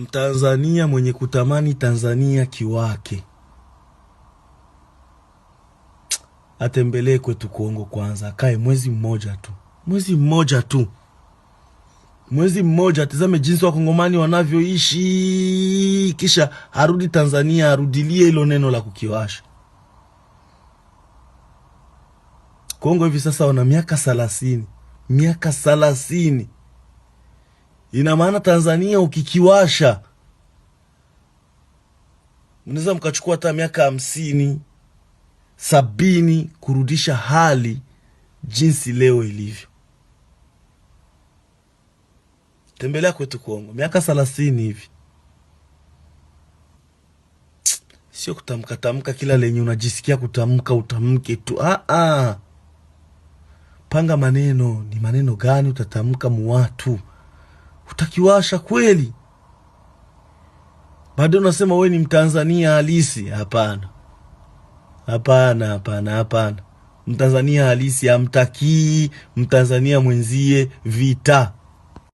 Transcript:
Mtanzania mwenye kutamani Tanzania kiwake atembelee kwetu Kongo kwanza, akae mwezi mmoja tu, mwezi mmoja tu, mwezi mmoja, tazame jinsi wakongomani wanavyoishi, kisha arudi Tanzania, arudilie hilo neno la kukiwasha. Kongo hivi sasa wana miaka thelathini, miaka thelathini Ina maana Tanzania ukikiwasha mnaweza mkachukua hata miaka hamsini sabini kurudisha hali jinsi leo ilivyo. Tembelea kwetu Kongo miaka thelathini hivi, sio kutamka tamka kila lenye unajisikia kutamka utamke tu. Aa, panga maneno, ni maneno gani utatamka muwatu utakiwasha kweli? Bado unasema we ni mtanzania halisi. Hapana, hapana, hapana, hapana. Mtanzania halisi hamtakii mtanzania mwenzie vita.